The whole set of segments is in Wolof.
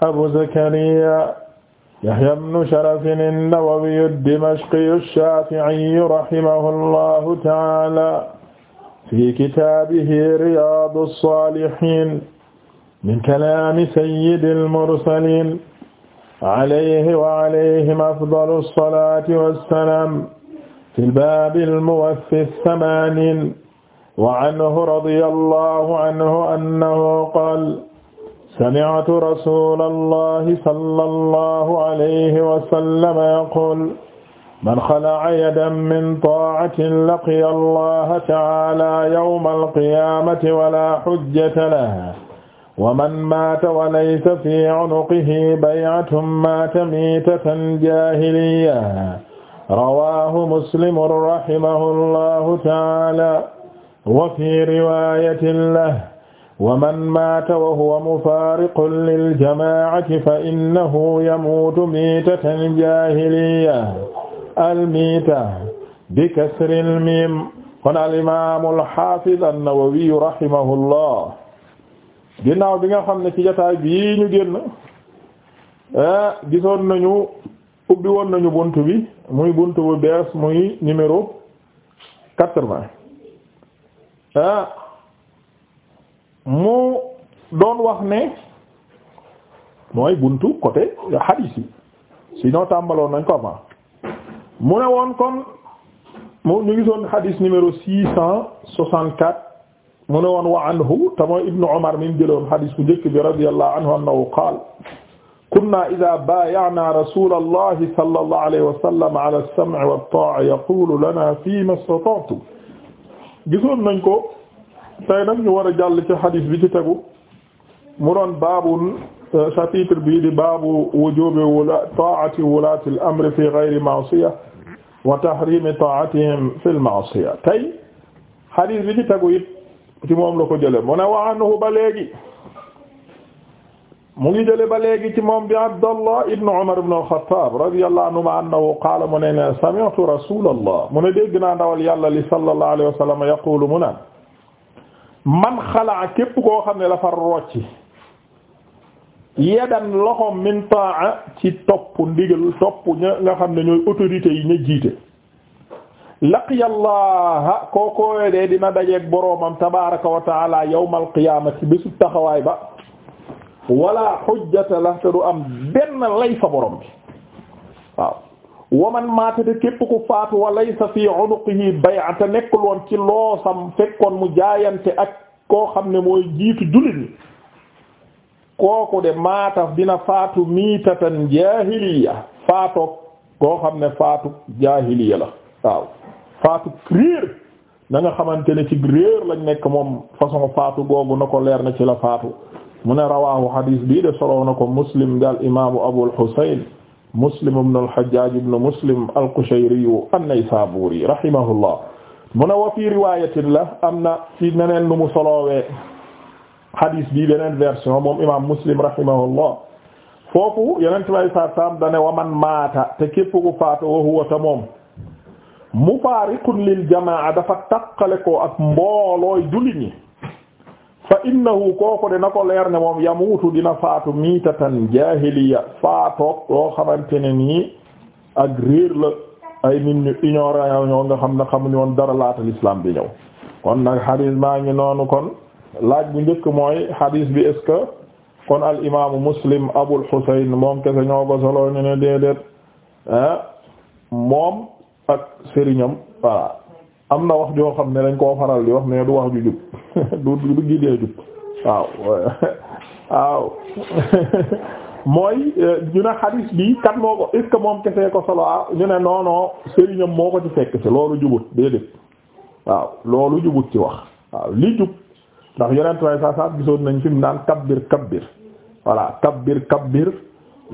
abu zakariya yahya bnu sharafin an-nawawiyu ad-dimashqiyu ash-shafi'iyu rahimahullahu ta'ala fi kitaabihi riyaadu as-saalihiin min kalaami sayyidil mursaliin alayhi wa alayhim afdalu as-salaati was-salaam fil baabil muwaffi ath-thamaaniin wa anhu radiyallahu anhu annahu qaala sami'tu rasulallahi sallallahu alayhi wa sallam yaqul man xala'a yadan min ta'atin laqiya allaha ta'ala yawmal qiyaamati wa laa hujjata lahu wa man maata wa laysa fi unuqihi bay'atun maata miitatan jaahiliyya rawaahu muslimun rahimahu allahu ta'ala wa fi riwaayatin lahu wa man maata wa huwa lil jamaa'ati fa innahu yamuutu miitatan al-miita bi kasril miim kon al-imaamul haafiz an-Nawawi rahimahullah ginnaaw bi nga xam ne ci jotaay bii ñu génn eh, gisoon nañu ubbi woon nañu buntu bi muy buntu bu bees muy numéro quatre-vingts eh, mu doon wax ne mooy buntu côté hadith yi sinon tàmbaloon nañ ko avant mu ne woon kon mu ñu gisoon hadith numéro six cent soixante-quatre mu ne woon wa anhu te mooy ibnu Umar min jëloon hadith bu njëkk bi radiyallahu anhu annahu qaala kunna idha baaya'na rasulallahi sallallahu alayhi wa sallam ala as-sam'i wat-taa'a yaqulu lana fima istata'tum gisoon nañ ko tey nag ñu war a jàll ci xadis bi ci tegu mu doon baabul euh, chapitre bii di baabu wujubi wula taati wulaati al amri fi gayri ma'siya wa tahrimi taatihim fi al ma'siya tey xadis bi ci tegu it ci moom la ko jële mu ne wa anhu ba léegi mu ngi jële ba léegi ci moom bi Abdallah ibn Umar ibn al-Khattab radiyallahu anhuma annahu qaala mu ne ne sami'tu rasulallah mu ne dégg naa ndawal yàlla li sallallahu alayhi wa sallam yaqulu mu naan man xalaa képp koo xam ne dafa rocci yadan loxoom min taa ci topp ndigal topp ña nga xam ne ñooy autorités yi ñu jiite laqiyallaha kookoowe dee dina dajeeg boroomam tabaraka wa taala yawmal qiyamati bésu taxawaay ba wala xujjata la te du am benn lay fa borom bi waaw waman maatate képp ku faatu wa laysa fi unuqihi bay'ata nekkul woon ci loosam fekkoon mu jaayante ak koo xam ne mooy jiitu jullit kooku de maata bina faatu miitatan jaahiliya faatoog koo xam ne faatu jaahiliya la waaw faatu réer na xamante ne ci réer lañ nekk moom façon faatu googu na leer na ci la faatu mu ne rawaahu hadis bii de solow na muslim daal imaamu abul husayn Muslim ibn al-Hajjaj ibn Muslim al-Qushayri an-Naysaburi rahimahullah mu ne wa fii riwaayatin la am na ci neneen lu mu soloowee hadis bi beneen version moom imaam Muslim rahimahullah foofu yeneen tubaab saa saam da ne wa man maata te képp ku faatu wa huwa ta moom mufaariqun lil jamaa dafa taqale ko ak mboolooy jullit ñi. fa innahu kooku de na ko leer ne moom yamuutu dina faatu miitatan jaahiliya faatoog loo xamante ne ak réer la ay nit ñu ñoo nga xam ne xamuñu woon dara laata l'islam bi ñëw kon nag xadiis baa noonu kon laaj bu njëkk mooy xadiis bi est-ce kon al imaamu muslim abul xuseyn moom kese ñoo ko solo ñu ne déedéet ah, moom ak sëriñam voilà am na wax joo xam ne dañ koo faral di wax mais du wax ju jub du du gidee jub waaw waaw mooy euh, ñu ne xadis bi kat moo ko est que moom kesee ko solo ah, ñu ne non non sëriñam moo ko ci fekk si loolu jubut déedéet waaw loolu jubut ci wax waaw li jub ndax yeneen way sa sa gisoon nañ biir mu naan kabbir kabbir biir kabbir biir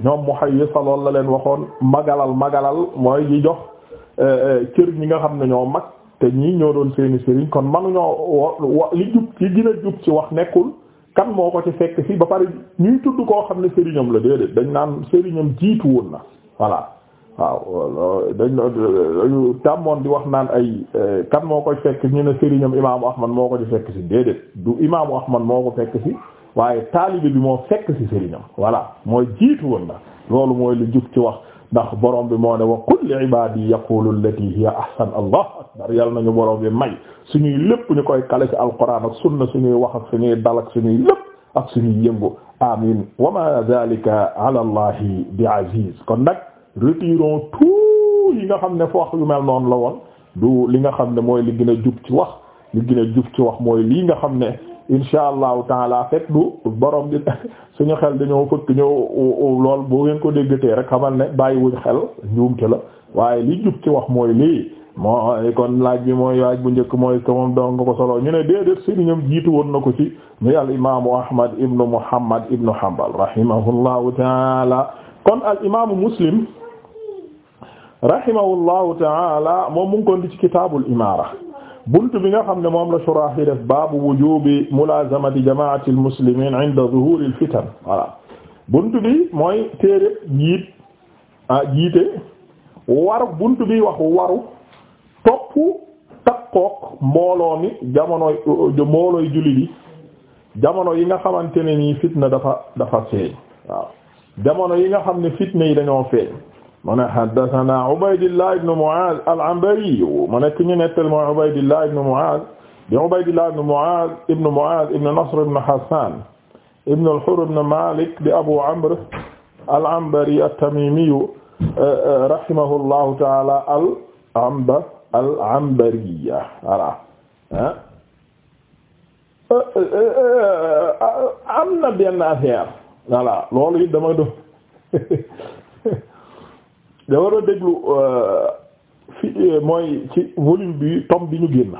ñoom Muhayyisa loolu la leen waxoon magalal magalal mooy di jox euh, euh, cër ñi nga xam ne ñoo mag te ñii ñoo doon seeni sëriñ kon manuñoo wa li jub ci gën jub ci wax nekkul kan moo ko ci fekk si ba pare ñuy tudd koo xam ne sëriñam la déedéet dañ naan sëriñam jiitu woon na voilà waaw dañ dañu tàmmoon di wax naan ay eh, kan moo koy fekk ñu ne sëriñam imaamu ahmad moo ko ci fekk si déedéet du imaamu ahmad moo ko fekk si waaye taalibe bi moo fekk si sëriñam voilà mooy jiitu woon na loolu mooy li jub ci wax ndax borom bi moo ne wa qul li ibadi yaqulu allati hiya ahsan allah akbar yàlla nañu borom bi may suñuy lépp ñu koy kale ci alquran ak sunna suñuy wax ak suñuy dal ak suñuy lépp ak suñuy yëngu amin wa ma zalika ala bi aziz kon nag retirons tout yi nga xam ne foofu yu mel noonu la woon du li nga xam ne mooy li gën a jub ci wax li gën a jub ci wax mooy lii nga xam ne insha allahu taala fekk du borom bi suñu xel dañoo fëkk ñëw lool boo ngeen ko déggatee rek xamal ne bàyyiwuñ xel njuumte la waaye li jub ci wax mooy lii mooy kon laaj bi mooy laaj bu njëkk mooy que moom doon nga ko solo ñu ne déedéet sëriñam jiitu woon na ko ci muy al imaamu ahmad ibnu muhammad ibnu hanbal rahimahullahu taala kon al imaamu muslim rahimahullahu taala moom mu ngi ko ndi ci kitaabul imaara buntu bi nga xam ne moom la shuraax yi def baabu wujubi mulazamati jamaati almuslimin inda zuhuri alfitan voilà buntu bi mooy téere jiit ah jiite waru bunt bi wax waru topp takkook mbooloo mi jamonoy mboolooy julli bi jamono yi nga xamante ne nii fitna dafa dafa feeñ waaw jamono yi nga xam ne fitna yi dañoo feeñ mu ne haddathana Ubaydillah ibn Mu'adh al-Anbari mu ne ki ñu nettal mooy Ubaydillah ibn Mu'adh di Ubaydillah ibn Mu'adh ibn Mu'adh ibn Nasr ibn Hassan ibn al-Hurr ibn Malik di Abu Amr al-Anbari at-Tamimi eh, eh, rahimahullahu ta'ala al-Anba al-Anbari voilà eh, am na benn affaire voilà loolu it dama do da war déglu euh, fi euh, mooy ci volume bi tom bi ñu génn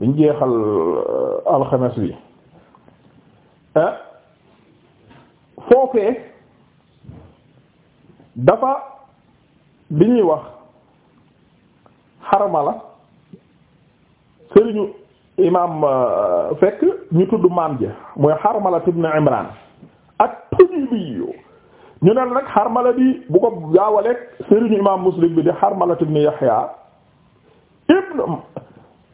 biñ jeexal euh, alxemes bi ah foofee dafa bi ñuy wax xaramala sëriñu imam fekk ñu tudd maam ja mooy xaramala ibn imran at-Tujubi ñu ne nag Harmala bi bu ko jaawaleeg imaam Muslim bi di Harmala ibn Yahya ibn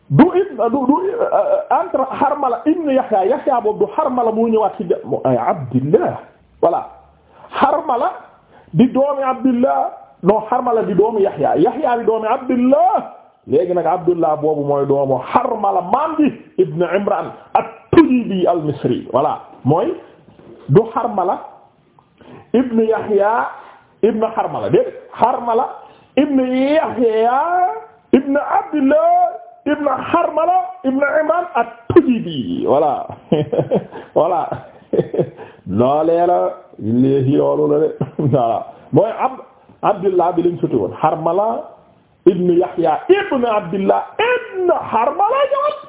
du ibn du du euh, entre Harmala ibn Yahya Yahya boobu du Harmala mu ñëwaat ci ay Abdillah voilà Harmala di doomi Abdillah non Harmala di doomi Yahya Yahya di doomi Abdillah léegi nag Abdullah boobu mooy doomu Harmala maam bi ibn Imran at-Tujibi al-Misri voilà mooy du Harmala ibn Yahya ibn Harmala déedéet Harmala ibn Yahya ibn Abdullah ibn Harmala ibn Imran at-Tujibi voilà voilà loolee la léegi yoonu la de voilà mooy ab Abdullah bi lañ sotti woon Harmala ibn Yahya ibn Abdullah ibn Harmala ibn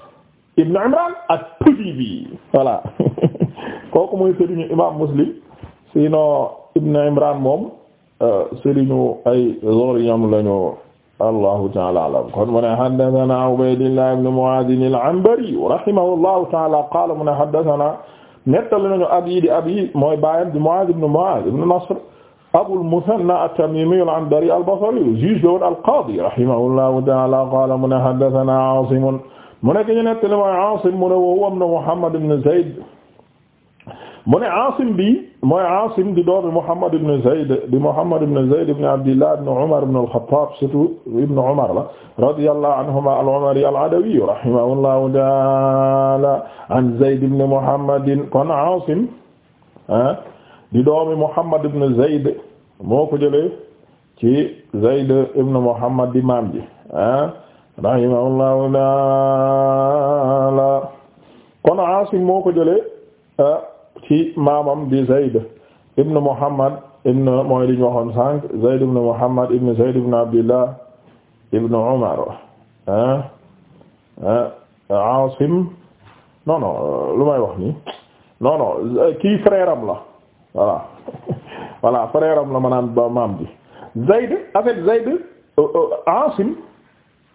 Imran at-Tujibi voilà kooku mooy sëriñu Imam Muslim sinon Ibn Imran moom euh, sëriñu ay zoriñam lañu allahu taala alam kon mu ne haddathana Ubaydillah ibn Mu'adh al-Anbari rahimahullahu taala qaala mu ne haddathana nettali nañu abi di abi mooy baayam di Mu'adh ibn Mu'adh ibn Nasr Abul Muthanna at-Tamimi al-Anbari al-Basri juge la woon al-qaadi rahimahullahu ta'ala qaala mu ne haddathana Aasim mu nekk ñu nettali mooy Aasim mu ne wa huwa Muhammad ibn Zayd mu ne Asim bi mooy Asim di doomi Muhammad ibn Zayd di Muhammad ibn Zayd ibn Abdillah ibn Umar ibn al-Khattab surtout ibn Umar la radiyallahu anhuma al-Umari al-Adawi rahimahullahu ta'ala an Zayd ibn Muhammadin kon Asim ah, di doomi Muhammad ibn Zayd moo ko jëlee ci Zayd ibn Muhammad di maam ji ah, rahimahullahu ta'ala kon Asim moo ko jëlee ah, ci maamam di Zayd ibn Muhammad ibn mooy li ñu waxoon sànq Zayd ibn Muhammad ibn Zayd ibn Abdillah ibn Umar ah ah Asim non non lu may wax nii non non kii frère am la voilà voilà frère am la ma naan ba maam bi Zayd en fait Zayd euh, euh, Asim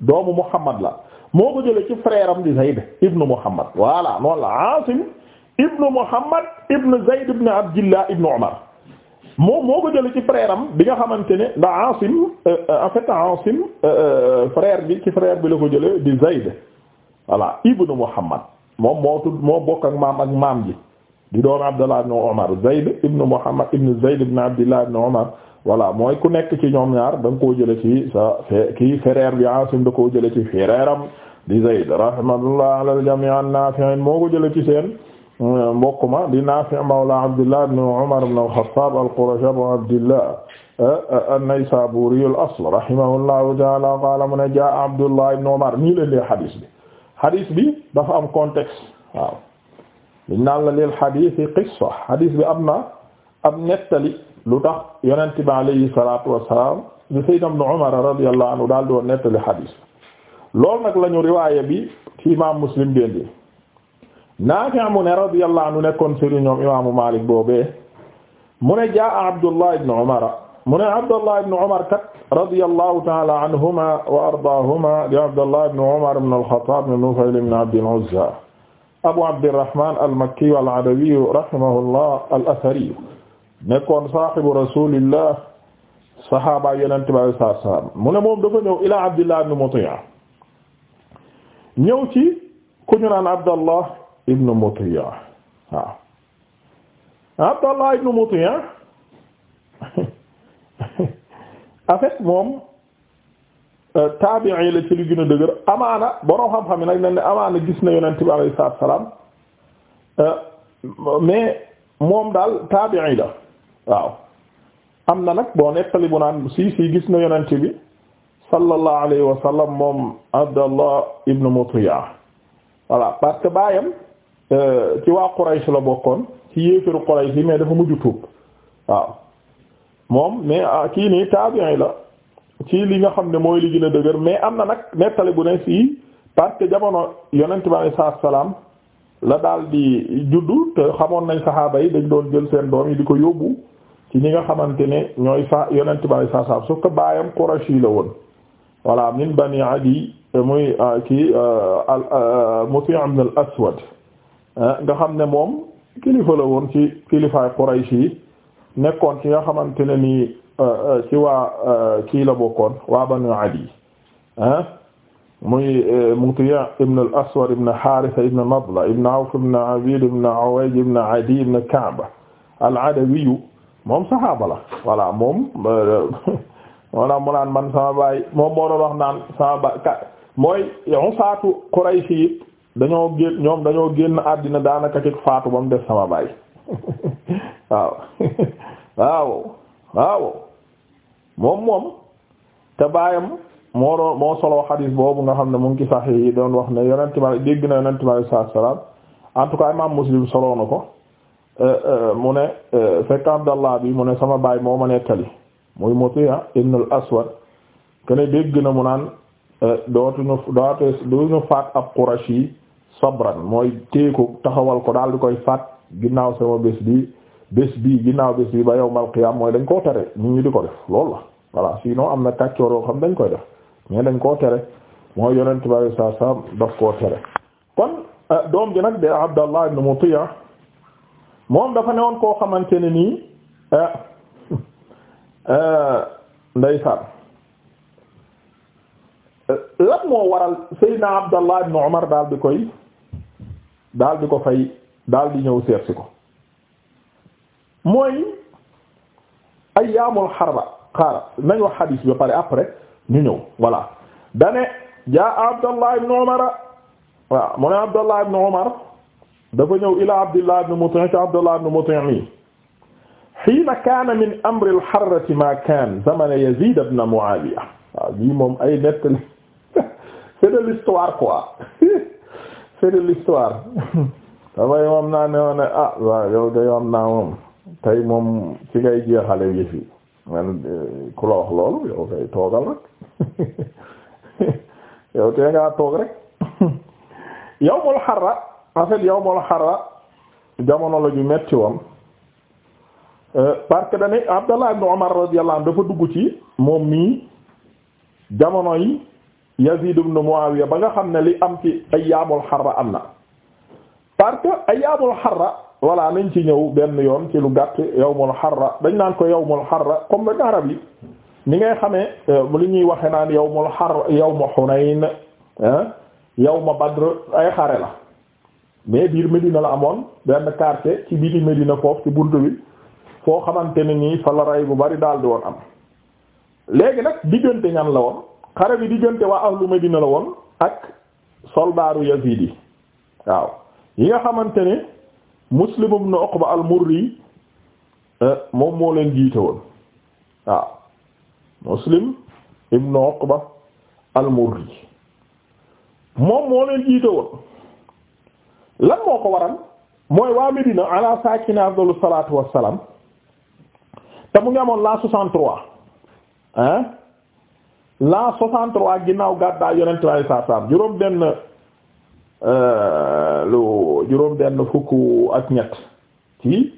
doomu Muhammad la moo ko jëlee ci frère am di Zayd ibn Muhammad voilà noonu la Asim ibnu Muhammad ibnu Zayd ibnu Abdillah ibnu Umar moom moo ko jëlee ci frère am bi nga xamante ne ndax Asim euh, en fait Asim euh, bi ci frère bi la ko jëlee di Zayd voilà ibnu Muhammad moom moo tudd moo bokk ak maam ak maam ji di doon Abdallah ibnu Umar Zayd ibnu Muhammad ibnu Zayd ibnu Abdillah ibnu Umar voilà mooy ku nekk ci ñoom ñaar da nga koo jëlee ci sa kii bi Asim da koo jëlee ci frère am di Zayd rahmatullah ala al-jami' moo ko jële ci seen. mbokk ma di Naafi' mawla Abdullah ibn Umar ibn al-Khattab al-Qurashi Abu Abdillah eh, eh, an-Naysaburi al-asl rahimahullahu ta'ala qala mu ne jaa Abdullah ibn Umar nii leen dee xadis bi xadis bi dafa am contexte waaw liñ naan la lil xadis yi qissa xadis bi am na am nettali lu tax yonent bi alayhi salatu wassalam li Sayyidina ibn Umar radiyallahu anhu daal di woon nettali xadis loolu nag lañu riwaaya bi ci Imam Muslim Naafi' mu ne radiyallahu anhu nekkoon sëriñ ñoom imaamu Maalik boobee mu ne jaa Abdullah ibn Umar mu ne Abdullah ibn Umar kat radiyallahu ta'ala anhuma wa ardaahuma di Abdullah ibn Umar ibn al-Khattab ibn Nufayl ibn Abd al-Uzza Abu Abdirrahman al-Makki al-Adawi rahimahullah al-Athari nekkoon saahibu rasulillah sahaaba yonent bi sallallahu alayhi wasallam mu ne moom dafa ñëw ila Abdullah ibn Muti'a ñëw ci ku ñu naan Abdullah ibn Mutiya waaw Abdallah ibn Mutiya en fait moom euh, taabi'i la ci li gën dëgër amaana borom xam-xam yi nag dañ ne amaana gis na yonent bi alayhi salaam euh, mais moom daal taabi'i la waaw am na nag boo nettali bu naan si si gis na yonent bi sallallahu alayhi wa sallam moom Abdallah ibn Mutiya voilà parce que baayam Euh, ci waa Quraysh la bokkoon ci yéefaru Quraysh yi mais dafa mujj tuub waaw moom mais ah, kii nii tabi'i la ci li nga xam ne mooy li gën dëgër mais am na nag nettali bu ne fii parce que jamono yonent bi alayhi salaatu salaam la daal di juddu te xamoon nañ saxaaba yi dañ doon jël seen doom yi di ko yóbbu ci ñi nga xamante ne ñooy sa yonent bi alayhi salaatu salaam su baayam Quraysh yi la woon voilà min bani Adi muy ah, kii ah, al Muti' ibn al Aswad Eh, nga xam ne moom kilifa ci kilifaay Quraysh yi nekkoon ci nga xamante ne nii eh, eh, ci kii la bokkoon waa Banu Adi muy Muti' ibn al ibn Haritha ibn Nadla ibn Awf ibn Abid ibn Uwayj ibn Adi ibn Ka'b al-Adawi moom saxaaba la moom wala mu man sama baay moom moo doon sama baay mooy usaatu Quraysh dañoo génn ñoom dañoo génn àddina daanaka ci faatu ba mu def sama baay waaw waaw waaw moom moom te baayam moo doon moo solo xadiis boobu nga xam ne mu ngi ci sax yi doon wax ne yonent ma dégg na yonent ma salaam en imaam Muslim solo ko euh, euh, mu ne euh, fekk Abdallah bi mu ne sama baay moo ma nettali muy Mutiya ibn aswad kene dégg na mu naan dootuñu dootuñu faat ab Qurashi sabran mooy teeku taxawal ko daal di koy faat ginnaaw sama bés bi bés bi ginnaaw bés bi ba yawmal qiyaam mooy dañ koo tere nit ñi di ko def loolu la voilà sinon am na kàccoor yoo xam dañ koy def dañ koo tere mooy yonent bi saa saa daf kon euh, doom ji nag de Abdallah ibn Mutiya moom dafa newoon koo xamante ne nii euh, euh, ndeysaan lan moo waral Seydina Abdallah ibn Umar daal di koy daal di ko fay daal di ñëw seet si ko mooy ayyaamul xarba xaara nañ wax xadiis bi pare après ñu ñëw voilà dane jaa abdallah ibn umar waaw mu ne abdallah ibn umar dafa ila abdallah ibn mutin ci abdallah ibn mutin yi hiina kaana min amri al-harrati ma kaan zamana yazid ibn muawiya waaw lii moom ay nettali c'est de c'est de l'histoire damay moom naa ne woon ne ah waaw yow de yoon naa moom tey moom ci ngay jeexale yi fi man eh, ku la wax loolu yow kay toogal rek yow tee ngaa toog rek yawmul xarra en fait yawmul xarra jamono la ju metti woon eh, parce que dañuy Abdallah ibn Umar radiyallahu anhu dafa dugg ci moom mii jamono yi Yazid ibn Muawiya ba nga xam ne li am ci ayyaamul xarra am na parce que ayyaamul xarra voilà nañ ci ñëw benn yoon ci lu gàtt yawmul xarra dañ naan ko yawmul xarra comme dañ arab yi ni ngay xame euh, li ñuy waxe naan yawmul xarra yawmu Hunayn ma Badr ay xare la mais biir Medina la amoon benn quartier ci biir Medina foofu ci bunt bi foo xamante ne nii fa bu bari daal di woon am léegi nag diggante ñan la woon. xare bi diggante waa ahlu Medina la woon ak soldaaru Yazid yi waaw yi nga xamante ni Muslim ibn Uqba al-Murri eh, moom moo leen jiite woon waaw Muslim ibn Uqba al-Murri moom moo leen jiite lan moo ko waral mooy waa Medina ala sakina afdalu salatu wassalam te mu ngi amoon la 63 hein l'an 63 ginnaaw gàddaay yonent bi alayhi salaatu salaam juróom benn euh, lu juróom benn fukk ak ñett ci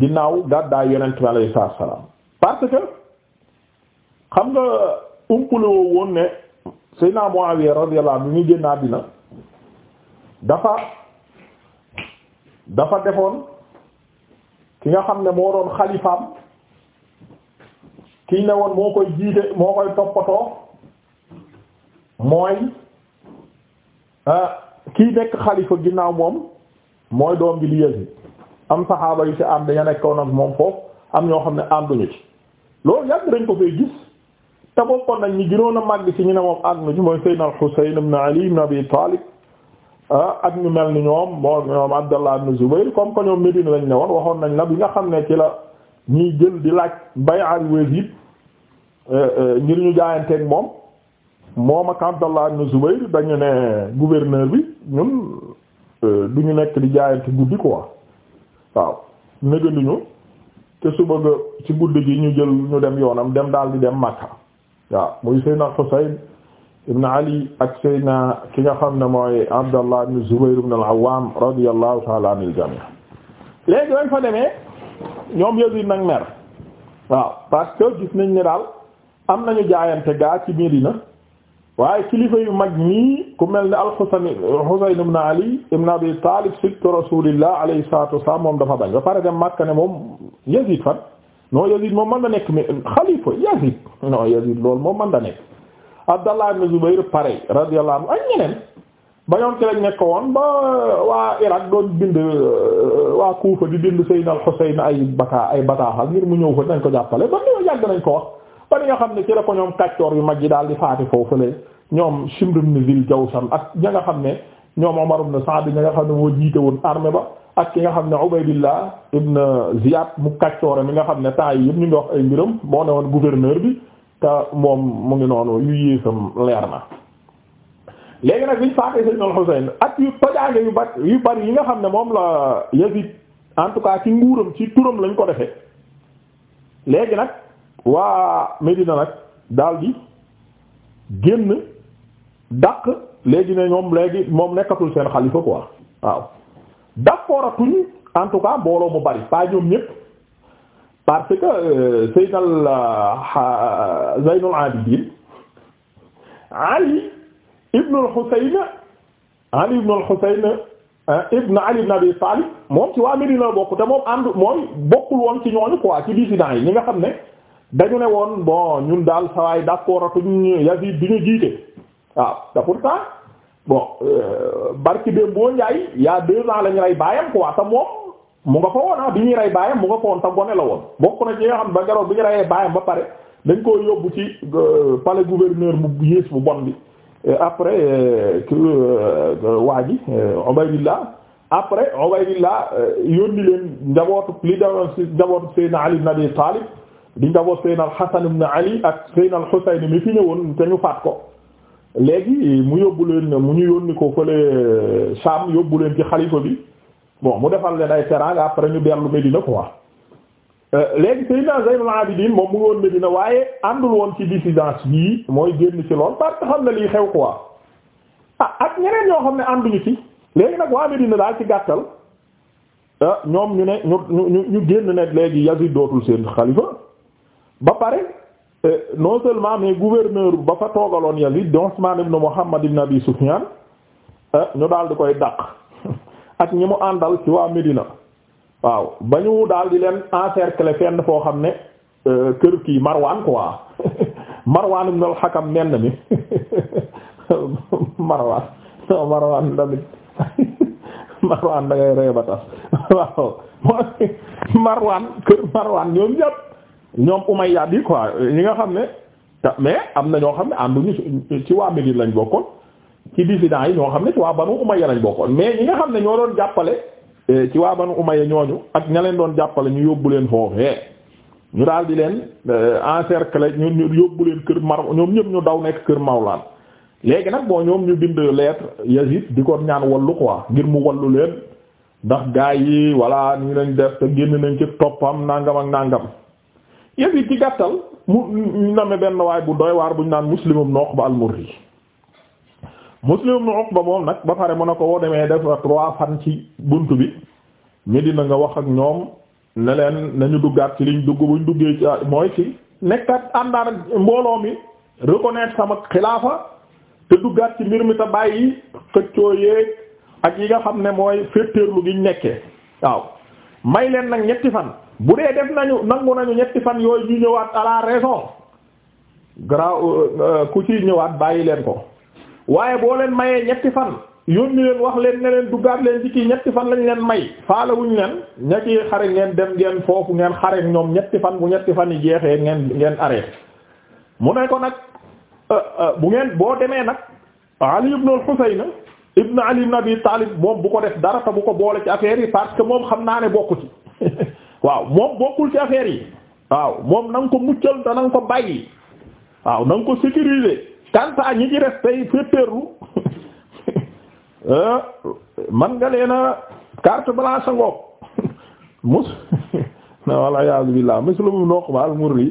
ginnaaw gàddaay yonent bi alayhi salaatu salaam parce que xam nga umpaloo woon ne Seydina Muawiya radiyallahu anhu ñu génn àddina dafa dafa defoon ki nga xam ne moo doon xalifaam kiñ ne woon moo koy jiite moo koy toppatoo mooy kii nekk xalifa ginnaaw moom mooy doom bi di Yazid am saxaaba yu ci ànd ya nekkoon ak moom foofu am ñoo xam ne ànduñu ci loolu yàgg dañ ko fee gis te bokkoon nañ ñi gënoon a màgg ci ñu ne moom ànduñu ci mooy Sayyidina al-Husayn Ali ibn Abi Talib ak ñu mel ni ñoom moo ñoom Abdallah ibn Zubayr comme que ñoom Médine lañ ne waxoon nañ la bi nga xam ne ci la ñuy jël di laaj bay'al Yazid Euh, euh, ngir ñu jaayanteeg moom moom ak Abdallah ibn Zubayr dañu ne gouverneur bi ñun euh, du ñu nekk di jaayante guddi quoi waaw négandiñu te su bëgg ci guddi gi ñu jël ñu dem yoonam dem daal di dem Makka waaw muy Seydina Husayn ibn Ali ak Seydina ki nga xam ne mooy Abdallah ibn Zubayr ibn al-Awwam radiyallahu ta'ala anil jami' léegi lañ fa demee ñoom Yazid nag mer waaw parce gis nañ ne daal am nañu jaayante gaa ci Medina waaye kilifa yu mag ñii ku mel ni al-Husayn Husayn ibn Ali ibn Abi Talib sibt Rasulillah alayhi salatu wassalam moom dafa bañ ba pare dem Makka ne moom Yazid fan non Yazid moom mën na nekk mais xalifa Yazid non Yazid loolu moom mën na nekk Abdallah ibn Zubayr pare radiyallahu anhu ak ñeneen bañoon ci lañ nekk woon ba waa Irak doon bind euh, waa Kufa di bind Sayyid al-Husayn ay bata ay bataaxal ngir mu ñëw fa dañ ko jàppale ba ñoo yàgg nañ ba li nga xam ne ci la ko ñoom kàccoor yu mag yi daal di faati foofu la ñoom Shimr ibn Zil Jawshan ak ña nga xam ne ñoom Umar ibn Sa'd ña nga xam ne moo jiite woon armée ba ak ki nga xam ne Ubaydillah ibn Ziyad mu kàccoor mi nga xam ne temps yi yëpp ñu ngi wax ay mbiram moo ne woon gouverneur bi moom mu ngi noonu yu yéesam leer léegi nag biñ faatee Sayyid yu tojaange yu bari yi nga xam ne moom la Yazid en tout cas ci nguuram ci turam lañ ko defee léegi nag. waa Medina nag daal di génn dàq léegi ne ñoom léegi moom nekkatul seen xalifa quoi waaw d'accord atuñ en tout mbooloo mu bari pas ñoom ñépp parce que euh, Seynal Zaynul Abidin Ali ibn al-Husayn Ali eh, ibn Ali ibn Abi moom ci waa Medina bokk te moom ànd moom bokkul woon ci ñooñu quoi ci dissidents yi ñi nga xam ne dañu ne woon bon ñun daal sawaay d'accord atuñ Yazid bi ñu jiite waaw te pourtant bon euh, barki démb boo njaay y'a deux ans la ñu rey baayam quoi te moom mu nga fa woon ah bi ñuy rey baayam mu nga fa woon te la woon bokk na ci nga xam ba ngeroon bi ñu reyee baayam ba pare dañ koo yóbbu ci euh, palais gouverneur bu yées bu bon bi après ki euh, waa ji Ubaydillah après Ubaydillah leen njabootu li dawoon Ali ibn Abi Talib di njaboot Seydina Al-Hasan ibn Ali ak Seydina Al-Husayn mi fi ñëwoon te ñu faat ko léegi mu yóbbu leen mu ñu yónni ko fële euh, Sham yóbbu leen ci xalifa bi bon mu defal leen ay teraanga après ñu dellu Medina quoi euh, léegi Seydina Zaynul Abidin moom mu ngi woon Medina waaye àndul woon ci dissidence bii mooy génn ci lool parce que xam na lii xew quoi ah ak ñeneen ñoo xam ne ànduñu fi léegi nag waa Medina daal ci gàttal euh, ñoom ñu ne ñu ñu ñu génn ne léegi Yazid dootul seen xalifa ba pare euh, non seulement mais gouverneur ba fa toogaloon Yazid di Usman na Muhammad ibn Abi euh, ñu daal di koy dàq ak ñi mu àndal ci waa Médina waaw ba ñu daal di leen encercler fenn foo xam ne euh, kër kii Marwan quoi Marwan ibn al-Hakam menn mi Marwan non Marwan damit Marwan ree ba waaw Marwan kër Marwan ñoom ñépp ñoom Umayya yi quoi ñi nga xam ne mais am na ñoo xam ne ànduñu ci waa Médine lañ bokkoon ci dissidents yi ñoo xam ne ci waa Banu Umayya lañ bokkoon mais ñi nga xam ne ñoo doon jàppale eh, ci waa Banu Umayya ñooñu ak ña leen doon jàppale ñu yóbbu leen foofee ñu daal di leen eh, encercler ñu ñu yóbbu leen kër mar ñoom ñëpp ñu daw nekk kër Mawlaan léegi nag bon ñoom ñu bind lettre Yazid di ko ñaan wallu quoi ngir mu wallu leen ndax gaay yi voilà ñu lañ def te génn nañ ci toppam nangam ak nàngam yëg ci gàttal mu name benn waay bu doy buñ naan muslimum nu Uqba al-Murri muslimum nu Uqba moom nag ba pare mu ne ko woo demee def trois fan ci bunt bi mi Medina nga wax ak ñoom ne leen nañu duggaat ci liñ dugg buñ duggee ci mooy ci nekkat àndaan ak mbooloo mi reconnaître sama xilaafa te duggaat ci mbir mi te bàyyi xëccoo yeeg ak yi nga xam ne mooy féeteerlu giñ nekkee waaw may leen nag ñetti fan bu dee def nañu nangu nañu ñetti fan yooyu ñu ñëwaat à raison garaaw euh, ku ci ñëwaat bàyyi leen ko waaye boo leen mayee ñetti fan yoon yónni leen wax leen ne leen duggaat leen ci kii ñetti fan lañ leen may faalawuñ leen ña ci xare ngeen dem ngeen foofu ngeen xare ñoom ñetti fan bu ñetti fan yi jeexee ngeen ngeen arrêté mu ne ko nag euh, euh, bu ngeen boo demee nag Ali ibn al-Husayn ibn Ali ibn Abi Talib moom bu ko def dara te bu ko boole ci affaire yi parce que moom xam naa ne bokku ci waaw moom bokkul ci affaire yi waaw moom nang ko muccal te na ko bàyyi waaw na ko sécuriser kanta ñi ci reste yi féppeerlu eh, man nga leena carte blanche ngoog mus na walla yaazu billah muslimu noqmal murri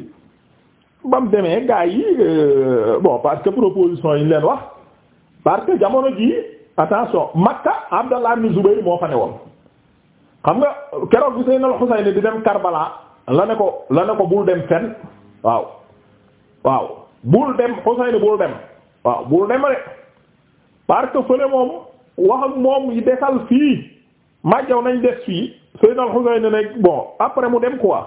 bam demee gaa yi eh, bon parce que proposition yi leen wax parce que jamono ji attention Makka Abdallah ibn Zubayr moo fa ne woon xam nga keroog bi Seydina Al-Husayn di dem Karbala la ne ko la ne ko bul dem fenn waaw waaw bul dem Husayn bul dem waaw bul dem rek parce que fële moom wax ak moom yi desal fii majjaw nañ des fii Seydina Al-Husayn ne après mu dem ko quoi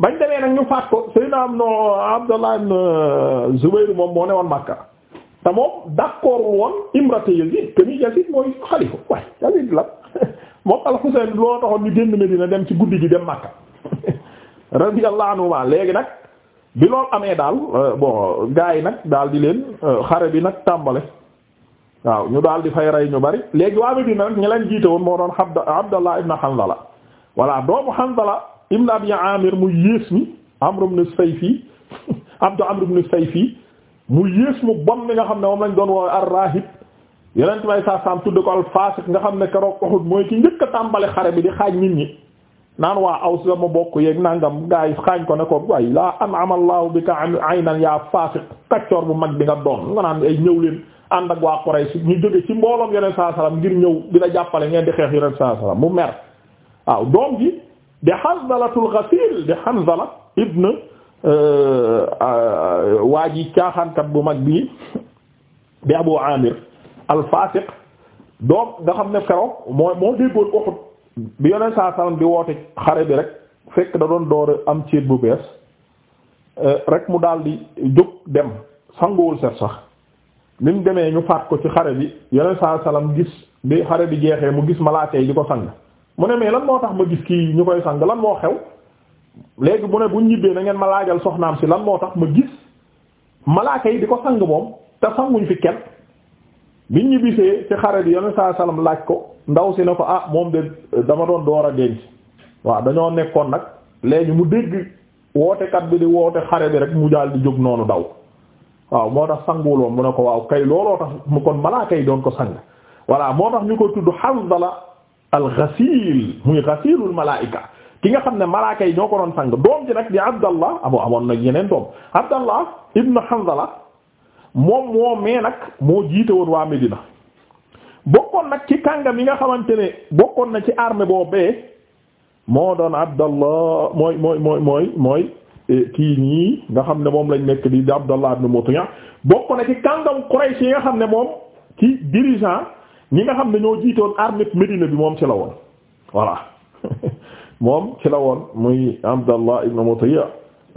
bañ demee nag ñu faat ko Seydina am no Abdallah ibn Zubayr moom moo ne woon Makka te moom d'accord woon imrata Yazid te ni Yazid mooy xalifa waaye Yazid la moom al-Husayn loo taxoon ñu génn Medina dem ci guddi gi dem Makka radiyallahu anhuma léegi nag bi loolu amee daal euh, bon gars yi nag daal di leen euh, xare bi nag tàmbale waaw ñu daal di fay rey ñu bari léegi waa Medina nag ñi leen jiite woon moo doon Abdallah ibn Hanzala voilà doomu Hanzala ibn Abi Amir mu yées mi Amr ibn Sayfi Abdu Amr ibn fii mu yées mu bon mi nga xam ne moom lañ doon woowe ar-Rahib yeneen may saa saam tudd ko al faasiq nga xam ne keroog Uhud mooy ki njëkk tàmbali xare bi di xaaj nit ñi naan waa aw si ma bokk yeeg nangam gaa yi xaañ ko ne ko waay laa am Allahu bika aynan yaa faasiq kaccoor bu mag bi nga doon nga naan ay ñëw leen ànd ak waa Quraysh ñu jóge ci mbooloom yeneen saa ngir ñëw di la jàppale ngeen di xeex yeneen saa salaam mu mer waaw doom ji di Hanzalatul Ghasil di Hanzala ibn euh, waa ji caaxaankat bu mag bii di alfasiq doom nga xam ne keroog moo moo déggoon Uhud bi yoneen saa salam bi woote xare bi rek fekk da doon door am ceet bu bees eh, rek mu daal di jóg dem sanguwul set sax li mu demee ñu faat ko ci xare bi yoneen saa salam gis bi xare bi jeexee mu gis malaaka yi di ko sang mu ne mais lan moo tax ma gis kii ñu koy sang lan moo xew léegi mu ne bu ñibbee na ngeen ma laajal soxnaam si lan moo tax ma gis malaaka yi di ko sang moom te sanguñ fi kenn bi ñu bisee ci xare bi yonent saa salaam laaj ko ndaw si ne ko ah moom de dama doon door a denc waaw dañoo nekkoon nag léegi mu dégg wootekat bi di woote xare bi rek mu daal di jóg noonu daw waaw moo tax sanguwul mu ne ko waaw kay looloo tax mu kon malaaka yi doon ko sang voilà moo tax ñu ko tudd Hanzala al-Ghasiil muy Ghasiilul malaa'ika ki nga xam ne malaaka yi ñoo ko doon sang doom ji nag di Abdallah amoo amoon nag yeneen doom Abdallah ibn Hanzala moom moo mee nag moo jiite woon waa Medina bokkoon nag ci kàngam yi nga xamante ne bokkoon na ci armée boobee moo doon Abdallah mooy mooy mooy mooy mooy e, kii ñii nga xam ne moom lañ nekk di Abdallah ibn Mutiya bokk na ci kàngam Quraysh yi nga xam ne moom ci dirigeant ñi nga xam ne ñoo jiitoon armée Medina bi moom ci la woon voilà moom ci la woon muy Abdallah ibn Mutiya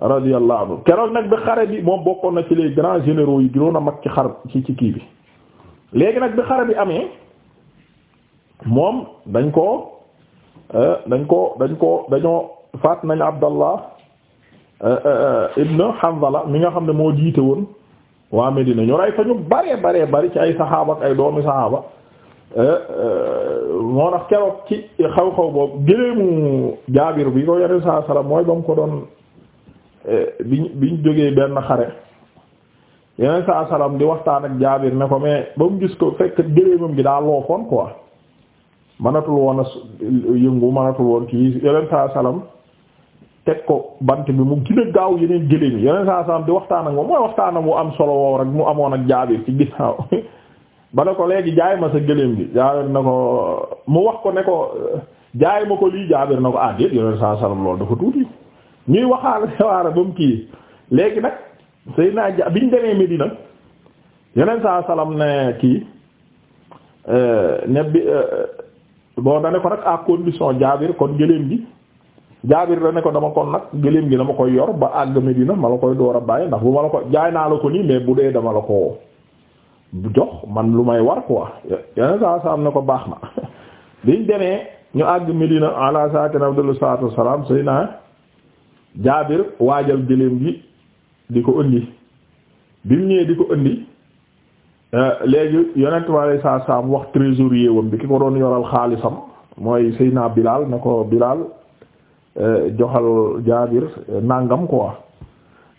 radiyallahu anhu keroog nag bi xare bi moom bokkoon na ci les grands généraux yi gënoon a mag ci xar ci ci kii bi léegi nag bi xare bi amee moom dañ ko euh, dañ ko dañ ko dañoo faat nañ Abdallah euh, euh, ibn Hanzala mi nga xam ne moo jiite woon waa Medina ñoo ay fa ñu bare bare bari ci ay saxaaba ak ay doomi saxaaba moo tax keroog ci xaw xaw boobu gëleemu Jaabir bi ko yeneen saa salaam mooy ba mu ko doon bi eh, biñ biñ jógee benn xare yeneen saa salaam di waxtaan ak jaabir ne ko mais ba mu gis ko fekk gëléemam gi daa loofoon quoi manatul woon a yëngu manatul woon kii yeneen saa salaam teg ko bant bi mu gën a gaaw yeneen gëléem yi yeneen saa salaam di waxtaan ak moom mooy waxtaanam mu am solo woow rek mu amoon ak jaabir ci ginnaaw ba ne ko léegi jaay ma sa gëléem gi jaabir na ko mu wax ko ne ko jaay ma ko lii jaabir na ko ah déet yeneen saa salaam loolu dafa ñuy waxaala xewaara ba mu kii léegi nag sëy naa ja biñ demee Medina yeneen saa salam ne kii eh, ne bi eh, bon da ne ko nag à condition jaabir kon gëléem gi jaabir da ne ko dama kon nag gëléem gi dama koy yor ba àgg Medina ma la koy door a bàyyi ndax bu ma la ko jaay naa la ko nii mais bu dee dama la ko jox man lu may war quoi yeneen saa salam ne ko baax na biñ demee ñu àgg Medina ala sakin abdul salatu wassalam sëy naa jaabir waajal gëléem gi di ko ëndi bi mu ñëwee di ko ëndi euh, léegi yonent bi alay saa saam wax trésorier wam bi ki ko doon yoral xaalisam mooy Seyna Bilal ne ko Bilal euh, joxal jaabir nangam quoi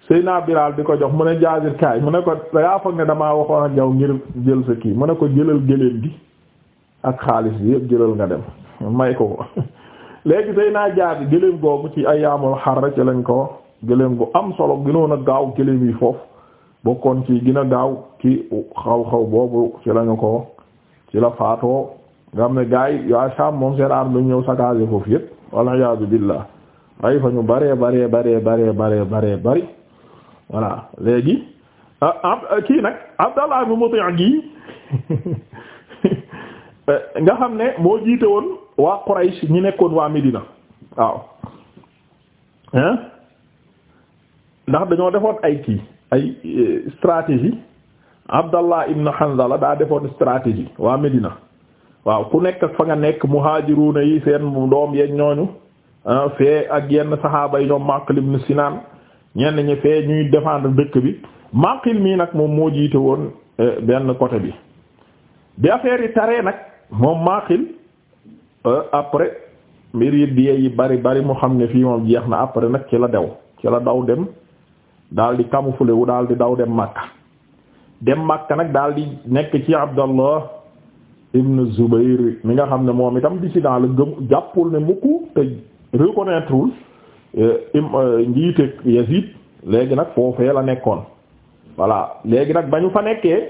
Seyna Bilal di ko jox mu ne jaabir kaay mu ne ko dangaa foog ne damaa waxoon ak yow ngir jël sa kii mu ne ko jëlal gëléem gi ak xaalis bi yëpp jëlal nga dem may ko ko léegi say naa jaabi gëléem googu ci ay ayyaamul xarra ci lañ ko gëléem gu am solo gënoon a gaaw gëléem yi foofu bokkoon ci gin a gaaw ci xaw-xaw boobu ci lañu ko ci la faatoo nga xam ne gaay yaa Saam moom seen arme bi ñëw saccagé foofu yëpp walla iyaazu billaah ay fa ñu bare bare bare bare bare bare bari voilà léegi ah kii nag Abdallah ibn Muti' gi nga xam ne moo jiite woon waa Quraysh ñi nekkoon waa Medina waaw hein ndax dañoo defoon ay kii ay eh, stratégie Abdallah ibn Hanzala daa defoon stratégie waa Medina waaw ku nekk ak fa nga nekk muhajiruna yi seen doom yeeg ñooñu ah, fee ak yenn saxaaba yi ñoom Maqil ibn Sinan ñenn ñi fee ñuy défendre dëkk bi Maqil mii nag moom moo jiite woon eh, benn côté bi bi affaire yi taree nag moom Maqil Euh, après mbir yi diye yi bari bari mu xam ne fii moom jeex na après nag ci la dew ci la daw dem daal di camouflé wu daal di daw dem Makka dem Makka nag daal di nekk ci Abdallah ibn Zubayr mi nga xam ne moom itam dissident la gëm jàppul ne mukk te reconnaître wul euh, euh, njiiteeg Yazid léegi nag foofee la nekkoon voilà léegi nag ba ñu fa nekkee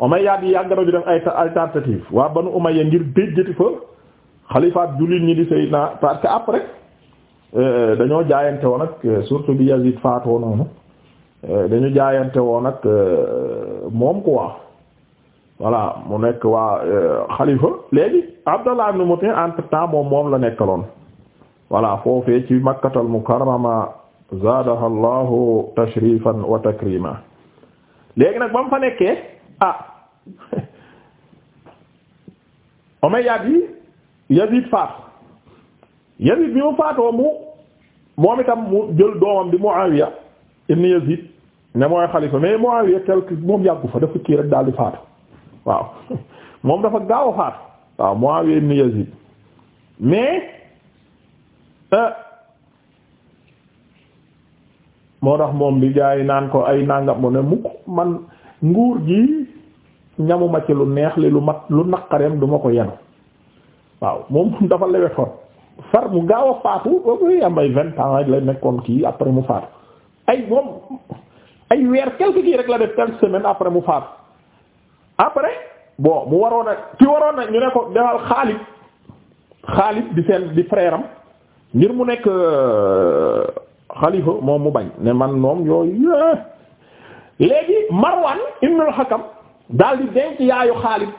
Umayya yi yàgg na di def ay ay tentative waa Banu Umayya ngir déjjati fa xalifaat jullit ñi di Seydina parce que après euh, dañoo jaayante woon ak euh, surtout bi Yazid faatoo noonu euh, dañu jaayante woon ak moom quoi voilà mu nekk waa xalifa léegi Abdallah ibn moom moom la nekkaloon voilà foofee ci Makkatal Mukarrama zaadaha Allahu tashrifan wa takrima léegi nag ba fa nekkee ah Omeyyades yi Yazid faatu Yazid bi mu faatoo mu moom itam mu jël doomam di Muawiya ibn Yazid ne mooy xalifa mais Muawiya quelque moom yàggu fa dafa kii rek daal di faatu waaw moom dafa gaaw a faatu waaw Muawiya ibn Yazid mais euh, moo tax moom bi gaa yi naan ko ay nàngam mu ne mukk man nguur gi ñamuma ci lu neex li lu mat lu naqareem duma ko yenu waaw moom dafa lewe far far mu gaaw a faatu boobu am vingt ans rek la nekkoon kii après mu faatu ay moom ay weer quelque kii rek la def quelques semaines après mu faatu après bo mu waroon a ki waroon na ñu ne ko defal Xaalid Xaalid di seen di frère ngir mu nekk euh, xalifa moom mu bañ ne man moom yooyu léegi Marwan ibn hakam daal di denc yaayu Xaalid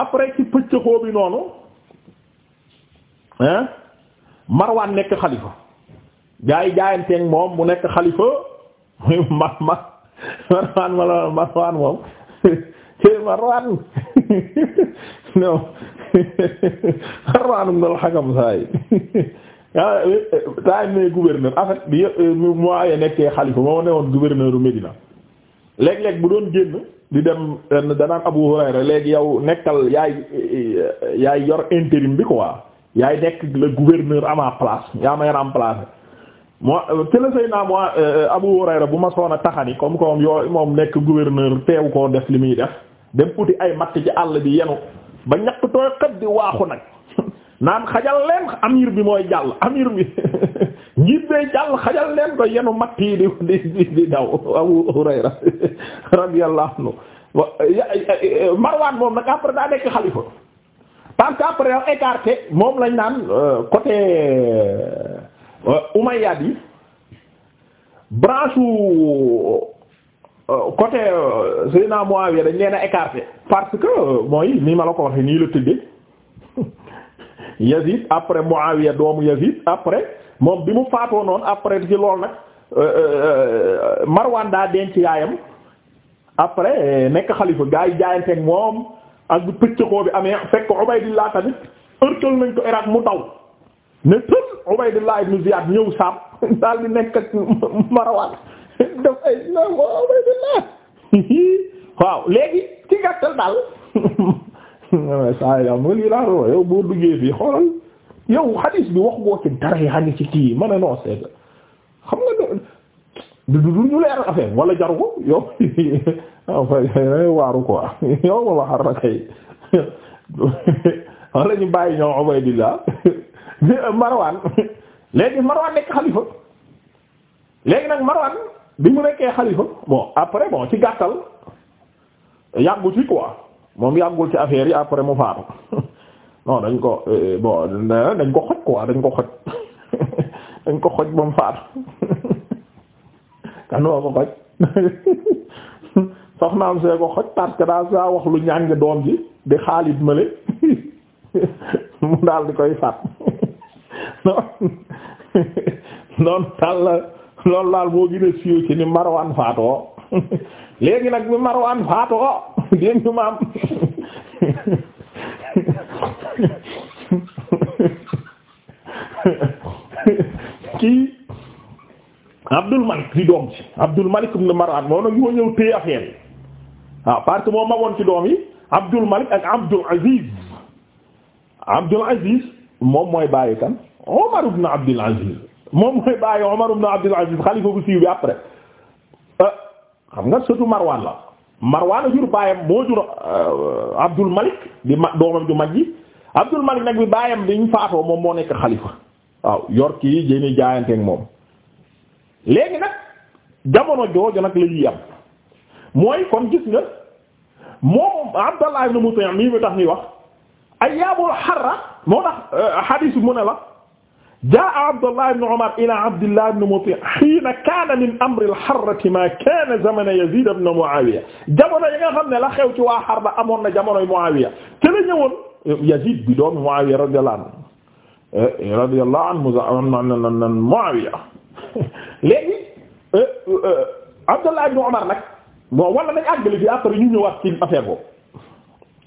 après ci pëccëxoo bi noonu hein Marwan nekk xalifa gaa yi jaayanteeg moom mu nekk xalifa muy mar ma la Marwan moom Marwan non Marwan ibn al-Hakam saay taay ah, ne gouverneur en fait bi euh, nekkee xalifa moo newoon gouverneur u Médina léeg-léeg bu doon génn di dem euh, danaan Abu Hurayra léegi yow nekkal yaay yaay yor intérim bi waaw yaay nekk le gouverneur à ma place yaa may moo euh, tëla say naa moi euh, Abu Hurayra bu ma soon a taxani comme comme yoo moom nekk gouverneur teew koo def li muy def dem uti ay matt ci àll bi yenu ba ñaq tooy xat di waaxu nag naan xajal leen amir bi mooy jàll amir bi ngir dee jàll xajal leen ko yenu matt yi di daw Abu Hurayra radiyallahu anhu Marwan moom nag après daa nekk xalifa parce que après yow écarté moom lañ naan euh, côté euh, euh, Umayyad yi branche côté Seydina Muawiya dañ leen a écarté parce que mooy nii ma la ko waxee nii la tëddee Yazid après Muawiya doomu Yazid après moom bi mu faatoo noonu après ci lool nag euh, euh, euh, Marwan daa denc yaayam après nekk xalifa gaa yi jaayanteeg moom ak bu pëccëxoo bi amee fekk Ubaydillah tamit ërtal nañ ko Irak mu daw ne tël Ubaydillah ibn Ziyad ñëw saam daal di nekk ak Marwan daf ay na waaw léegi ci gàttal daal saa yi am lii laa yow boo duggee fii xoolal yow xadis bi wax boo ci dara yi xadis ci kii ma ne non c'est xam nga du du ñu leer affaire wala jaru ko yow waaru quoi yow ma waxar na kay wala ñu bàyyi ñoom Ubaydillah euh, Marwan léegi Marwan nekk xalifa léegi nag Marwan bi mu nekkee xalifa bon après bon ci gàttal yàggu ci quoi moom yàggul ci affaire yi après mu faatu non dañ ko euh, euh, bon dañ ko xoj quoi dañ ko xoj dañ ko xoj ba mu faatu kan woo ko xoj soxnaam see ko xoj parce que daal saa wax lu ñàng doom ji di xaalit male mu daal di koy faat noonu noonu daal la loolu daal moo gën a siiw ci ni Marwan faatoo léegi nag bi Marwan faatoo dégg nga maam kii Abdul Malik di doom ci Abdul Malik ibn Marwan moo nag moo ñëw téye affaire yi waaw ah, parce que moo magoon ci doom yi Abdul Malik ak Abdul Aziz Abdul Aziz moom mooy bàyyi kan Omar ibn Abdul Aziz moom mooy bàyyi Omar ibn Abdul Aziz xalifa bu siiw bi après ah, xam nga surtout Marwan la Marwan a jur bàyyam moo jur euh, Abdul Malik di ma doomam ju mag ji Abdul Malik nag bi baayam bi ñu faatoo moom moo nekk xalifa waaw yor kii jëni jaayanteeg moom léegi nag jamono jooju nag la ñuy am mooy kon gis nga moom Abdallah ibn Muti' mii bi tax ñuy wax ayyaamul harra moo tax euh, hadiis mu ne la jaa Abdallah ibn Umar ila Abdillah ibn Muti' hiina kaana min amri al-harrati maa kaana zamana Yaziid ibn Muawiya jamono yi nga xam ne la xew ci waa Harra amoon na jamonoy Muawiya te la ñëwoon Yazid bi doomi Muawiya radiyallahu anhu eh, radiyallahu anhu Muawiya léegi eh, eh, Abdallah ibn Umar nag bon wala nañ àggali fi après ñu ñëwaat ci affaire boobu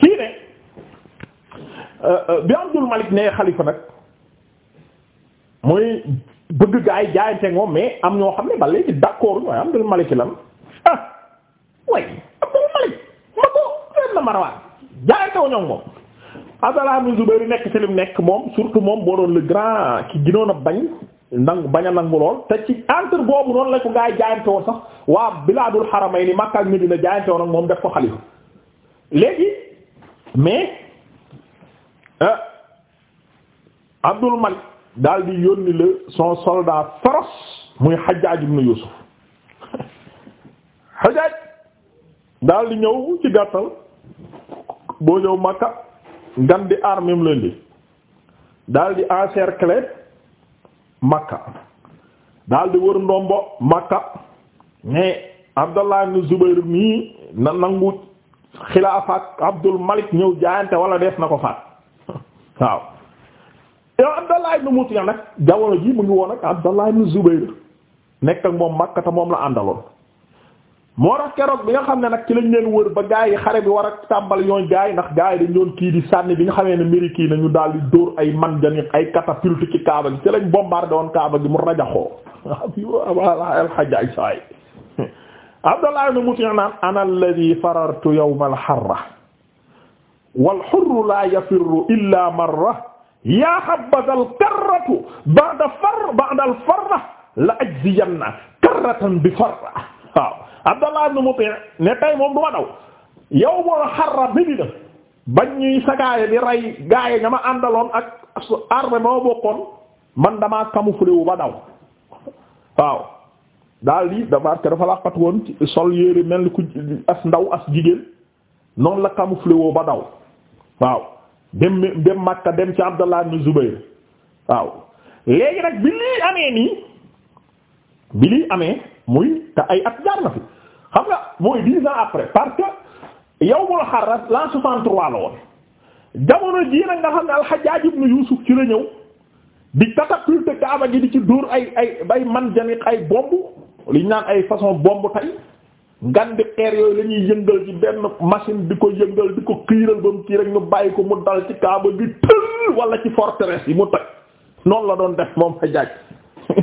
kii ne bi Abdul Malik ne xalifa nag mooy bëgg gaa yi jaayante moom mais am ñoo xam ne ba léegi d'accord mooy Abdul Malik lan ah way Abdul Malik ma ko leen na Marwan jaayante wu moom Abdallah ibn Zubayr nekk ci mu nekk moom surtout moom moo doon le grand ki ginoon a bañ nangu bañ a nangu lool te ci entre boobu noonu la ko gaa yi jaayante woon sax waa bilaadul xaramayni Makka ak Medina jaayante woon ak moom def ko xalifa léegi mais euh, Abdul Malik daal di yónni la son soldat féroce muy Hajjaj ibn Yusuf Hajjaj daal di ñëw ci gàttal boo ñëw Makka gan di armem leen di daal di encercler Makka daal di wër ndombo Makka mais Abdallah ibn Zubayr mii na nangu xilaafa ak Abdul Malik ñëw jaayante wala def na ko faat waaw yow Abdallah ibn Mutiya nag jamono ji mu ngi woon ak Abdallah ibn Zubayr nekk ak moom Makka te moom la àndaloon moo tax keroog bi nga xam ne nag ci lañ leen wër ba gaa xare bi war a tàmbal yoon gaa yi ndax gaa yi dañ kii di sànni bi nga xamee ne mari kii nañu daal di ay man jani ay catapulte ci kaaba gi ci lañ bombardé woon kaaba gi mu rajaxoo alxajaaj saay Abdallah ibn Muti' naan ana alladhi farartu yawma al-harra la yafirru illa marra ya habadha al-karratu ba'da la ajziyanna karratan bi farra waaw Abdallah ibn Muti' ne tay moom du ma daw yow moo xarra Medina bañ ñuy sagaaye di rey gaaye ña ma àndaloon ak arme moo bokkoon man dama camouflé wu ba daw waaw daal di damaa te dafa làqat woon sol yére mel ni ku as ndaw as jigéen noonu la camouflé woo ba daw waaw dem dem Makka dem ci Abdallah ibn Zubayr waaw léegi nag bi lii amee nii bi lii amee muy te ay at jaar na fi xam nga mooy dix ans après parce que yawmul xarras l'an la la woon jamono jii nag nga xam ne al-Hajjaj ibn Yusuf ci la ñëw di catapulte Kaaba gi di ci duur ay ay bay man janik ay bomb li naan ay façon bomb tey ngan di xeer yooyu la ñuy yëngal ci benn machine di ko yëngal di ko xiiral ba mu rek ñu bàyyi ko mu dal ci Kaaba gi tël wala ci forteresse yi mu toj noonu la doon def moom Hajjaj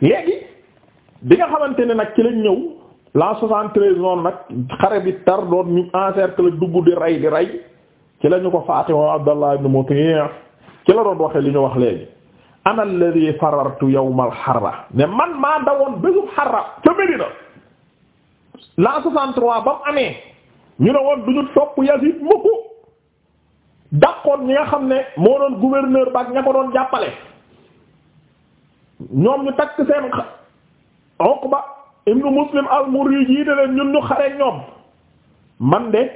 léegi bi nga xamante ne nag ci lañ ñëw la 73 noonu nag xare bi tar doon ñu encercle dugg di rey di rey ci la ñu ko faate moom Abdallah ibn ci la doon waxee li ñu wax léegi ana alladhi farartu yawmal harra ne man maa dawoon bésub xarra ca Medina la 63 ba mu amee ñu ne woon duñu topp Yazid mukk dàqoon ñi nga xam ne moo doon gouverneur ba ak ña ko doon jàppale ñoom ñu takk seen Uqba ibnu Muslim al-Murri jiite leen ñun ñu xare ñoom man de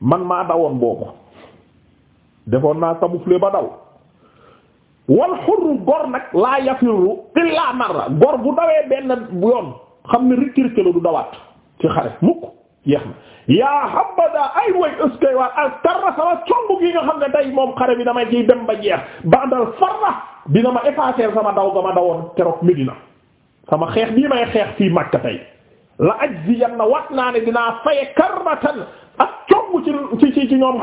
man maa dawoon boobu defoon naa camoufler ba daw wal xurru gor nag laa yafiru illaa marra gor bu dawee benn yoon xam ne rikk-rikk la du dawaat ci xare mukk yeex na yaa habada ay way ëskay waar ak tarra sama comb gi nga xam ne tey moom xare bi damay ciy dem ba jeex bandal farra dina ma effacer sama daw ga ma dawoon keroog Medina sama xeex bii may xeex fii Makka tey la ajziyanna wat naa ne dinaa faye karmatan ak coow ci ci ci ñoom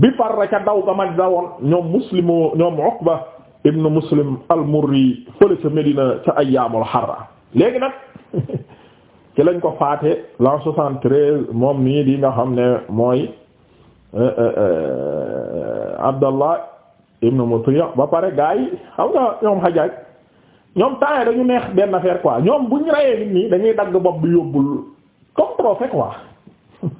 bi farra ca daw ga ma dawoon ñoom muslimu ñoom Uqba ibnu Muslim al-Murri fële ca Medina ca ayyaamul harra léegi nag lañ ko faate l'an soixante-treize moom nii di nga xam ne mooy euh, euh, euh, Abdallah ibnu Mutiya ba pare gaa yi xam nga ñoom temps dañu neex benn affaire quoi ñoom bu ñu rayee nit ñi dañuy dagg bopp bi yóbbul comme trophée quoi